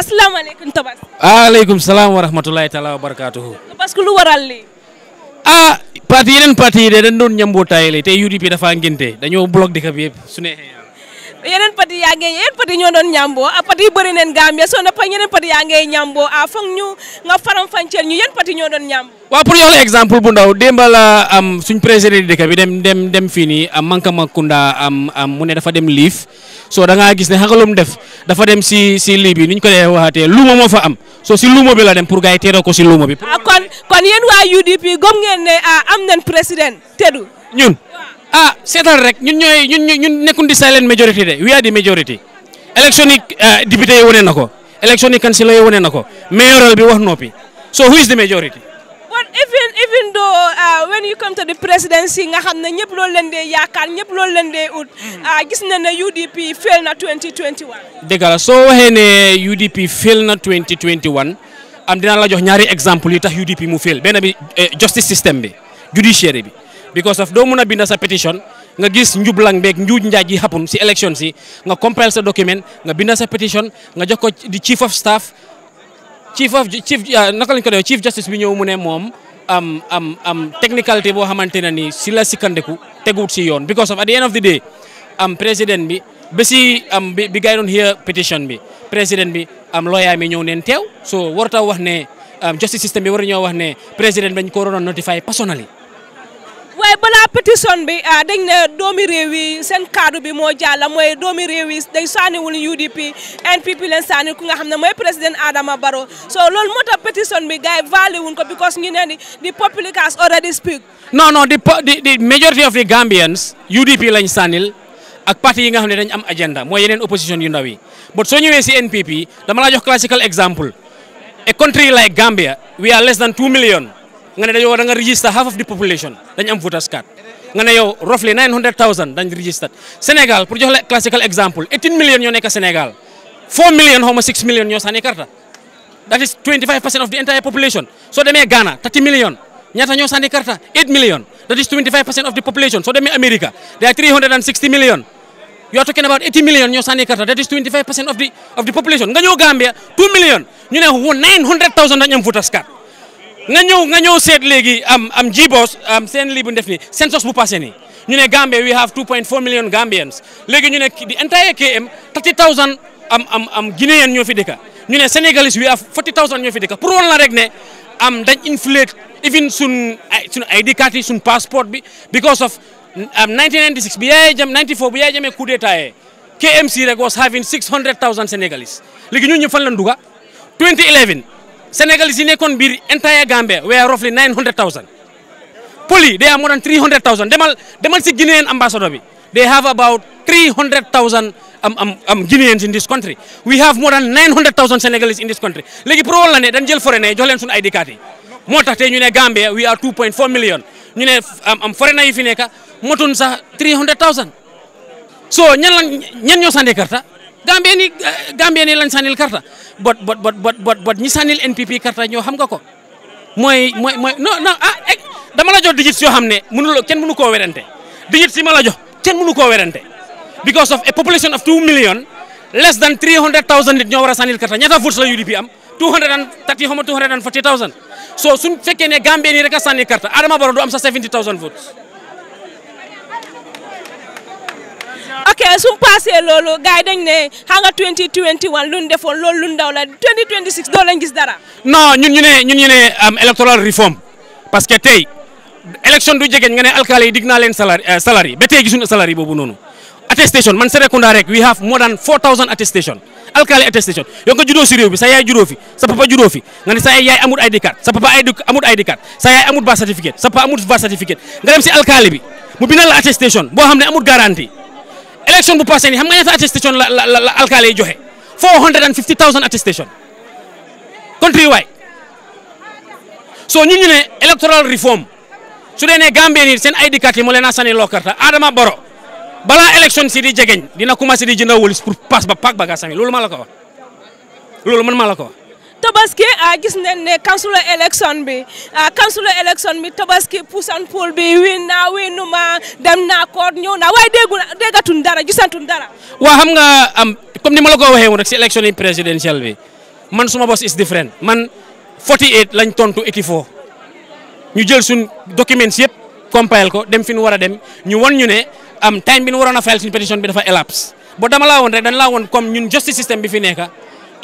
asalaamaaleykum salaam wa rahmatulahi taala wa barakaatuhu. parce lu waral lii. ah parti yeneen parti yi de dañ doon ñamboo taayale te UDP dafa ngénte dañoo bloqué dëkk bi yëpp su neexee yenen padi ya yen padi pati ñoo doon padi pati bari nen gambia so na pa yenen padi ya ngey ñambo a fokk ñu nga faram fancel ñu yen padi ñoo doon ñambo wa pour yox la bu ndaw demba la am suñ président de bi dem dem dem fini am manka makunda am am mune dafa dem lif so da nga gis ne xagalum def dafa dem si si li bi niñ ko lay waxate luma mo fa am so si luma bi la dem pour gay téro ko si luma bi ah, kon kon yen wa UDP gom ngeen ne ah, am nañ président tedu ñun ah seetal rek ñun ñoy ñun ñun nekkun di silent majority de we are the majority élection yi ah, député yi nako na ko élection yi councilor mayoral bi wax nopi so who is the majority but even even though uh, when you come to the presidency nga xamne ñepp lool lañ dé yaakar ñepp lool lañ dé out hmm. ah gis na na UDP fail na 2021 dégal so waxé né UDP fail na 2021 am dina la jox ñaari exemple yi tax UDP mu fail ben bi eh, justice system bi judiciary bi because of doo mun a bind sa petition nga gis njublang beek njuuj njaaj yi happen si élection si nga compile sa document nga bind sa pétition nga jox ko di chief of staff chief of chief ah, naka lañ ko def chief justice bi ñëw mu ne moom am am am boo xamante ne nii si la sikkandeku teguwut si yoon because of at the end of the day am président bi ba si am bi bi gars yi doon hear bi président bi am lawyer mi ñëw neen teew so warut a wax ne justice system war wax ne président bañ ko waroon notify personally balaa pétition bi ah, dañ ne doomi réew yi seen kaddu bi moo jàlla mooy doomi réew yi dañ sànniwul UDP NPP leen sànni ku nga xam ne mooy président Adama Barrow so loolu moo tax pétition bi gars yi valé wuñ ko because ñu ne di public has already speak non non di majority of the Gambians UDP lañ sànnil ak parti yi nga xam ne dañ am agenda mooy yeneen opposition yu ndaw yi but soo ñëwee si NPP dama laa jox classical example a country like Gambia we are less than nga ne dañoo war nga register half of the population dañ am voters card nga ne yow roughly 900000 dañ register Senegal, pour jox la classical example 18 million ñoo nekk Senegal, 4 million xaw 6 million ñoo sànni that is 25% of the entire population soo demee Ghana 30 million nyatanya ñoo sànni 8 million that is 25% of the population soo demee America they are 360 million you are talking about 80 million ñoo sànni that is 25% of the of the population nga Gambia 2 million ñu ne 900000 dañ am voters card nga ñëw nga ñëw seet léegi am am jiboos am seen lii bu def nii census bu passé nii ñu ne Gambia we have 2.4 million Gambians léegi ñu ne di entire KM 30000 am am am Guinéen ñoo fi dëkka ñu ne Sénégalais we have 40000 ñoo fi dëkka pour woon la rek ne am dañ inflate even sun sun ID card yi sun passeport bi because of am 1996 bi yaay jam 94 bi yaay jamee coup d'état yee KMC rek was having 600000 Sénégalais léegi ñun ñu fan lañ dugga 2011. Senegalese nekon bir entire Gambia we are roughly 900,000. Poli they are more than 300,000. Demal demal ci guinéen ambassador bi. They have about 300,000 um, um, um, Guineans in this country. We have more than 900,000 Senegalese in this country. Legi pro la né dañ jël foreigner jox len sun ID card yi. Motax té ñu né Gambia we are 2.4 million. Ñu né am um, am um, foreigner yi fi nekk motun sax 300,000. So ñan ñan ñoo sandé carte gambeni gambeni lañ sanil karta bot bot bot bot bot bot ñi sanil npp karta ñoo xam nga ko moy moy moy no no ah eh, dama la jox digits yo xamne mënu kenn mënu ko wérante digits yi ma la jox Ken mënu ko wérante because of a population of 2 million less than 300000 nit ñoo wara sanil karta ñata votes la UDP am 230 xoma 240000 so suñ fekkene gambeni rek sanil karta adama baro du am sa 70000 votes te suñu passé lolu gay dañ né ha nga 2021 lu ñu defoon loolu lu 2026 do lañ gis dara. non ñun ñu né ñun ñu né am um, electoral reform parce que tay élection du jegeñ nga né salary. digna len salaire euh, salaire ba salaire attestation man Serekunda rek we have more than 4000 attestation alkali attestation yo nga juro sirio réew bi sa yaay juro fi sa papa juro fi nga ne sa yaay amul ID card sa papa amul ID card sa yaay amul birth certificate sa papa amul birth certificate nga dem ci alkali bi mu bindal attestation bo xamné amul garantie. élection bu passé nii xam nga ñaata attestation la la la la alkaale yi joxe four hundred and fifty thousand attestation country wide so ñun ñu ne electoral reform su dee ne Gambie nii seen ID card yi moo leen a sànni loo karta Adama Barrow balaa élection si di jegeñ dina commencé di jënda wëlis pour passe ba paak ba gaa sami loolu ma la ko wax loolu man maa la ko wax tabaski ah, gis nañ né councilor election bi ah, councilor election bi tabaski push and pull bi win naa winuma dem na koor ñew na way déggu déggatun dara gisantun dara wa xam nga am comme ni ma la ko waxé woon rek ci election présidentielle bi man suma boss is different man 48 lañ tontu 84 ñu jël sun documents yépp compile ko dem fi ñu dem ñu won ñu né am time bi ñu waroon a file suñ pétition bi dafa elapse bo dama la won rek dañ la won comme ñun justice system bi fi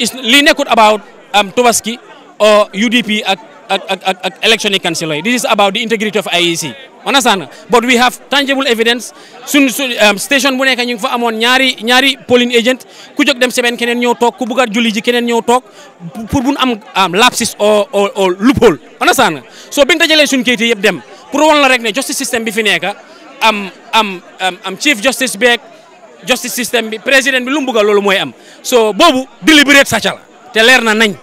is li nekut about um, Tobaski or UDP at, at, at, at election council. This is about the integrity of IEC. Understand? But we have tangible evidence. Soon, soon um, station bu nekk ñu ngi fa amoon ñaari ñaari polling agent ku jóg dem semaine keneen ñoo toog ku bëggaat julli keneen ñoo toog pour bu am am lapses or or or loophole. Understand? So bi ñu dajalee suñu yëpp dem pour woon la rek ne justice system bi fi nekk am am am chief justice beeg justice system bi président bi lu mu loolu mooy am so boobu deliberate sa la té lér na nañ.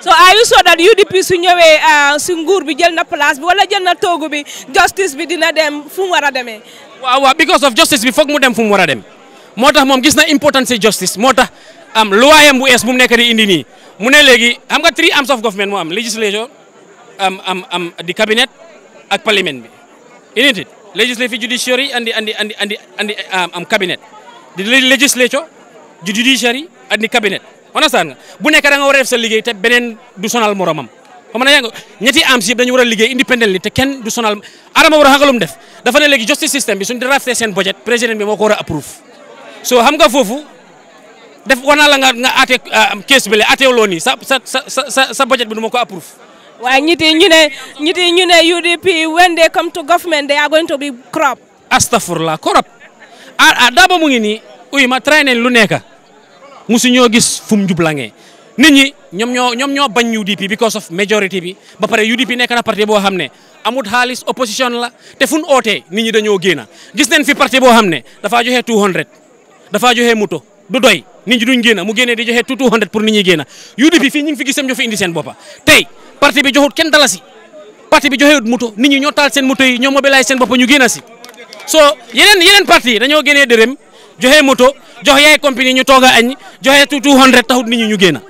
so are you sure that UDP su ñëwé su nguur bi jël na place bi wala jël na togu bi justice bi dina dem fu mu wara démé wa wa because of justice bi fokk mu dem fu mu wara mom dem motax mom gis na importance justice moo tax am luwaayam bu es bu mu nekk di indi ni mu né légui xam nga three arms of government mo am um am am am di cabinet ak parliament. bi unité legislative judiciary and the and the and the and the am cabinet di legislature judiciary and the cabinet on nga bu nek da nga wara def sa liguey te benen du sonal moromam xam nga ñetti am si dañu wara liguey te ken du sonal arama wara xagalum def dafa ne legi justice system bi suñu drafté sen budget président bi moko wara approve so xam nga fofu def wana la nga nga aate ah, case bi la até sa sa sa sa sa budget bi du approve. Wah approuve. waaye ñi nyune, UDP when they come to government they are going to be crop astafurlah corrupt ah ah daaba mu ngi nii uy ma traine musuñoo gis fum mu jublange nit ñi ñom ñoo ñom ñoo bañ UDP because of majority bi ba paré UDP nekk na parti bo xamné ne amut halis opposition la té fuñ oté nit ñi dañoo gëna gis nañ fi parti bo xamné dafa joxé 200 dafa joxé muto du doy nit ñi duñ gëna mu gëné di joxé 200 pour nit ñi gëna UDP fi ñing ngi fi gisam ñoo fi indi seen bopa tay parti bi joxut kenn dalasi parti bi joxé muto nit ñi ñoo tal seen muto yi ñoo mobiliser seen bopa ñu gëna si so yenen yenen parti dañoo génnee dërëm joxé muto jox yay compagnie ñu toog a añ joxe two hundred taxut nit ñu génn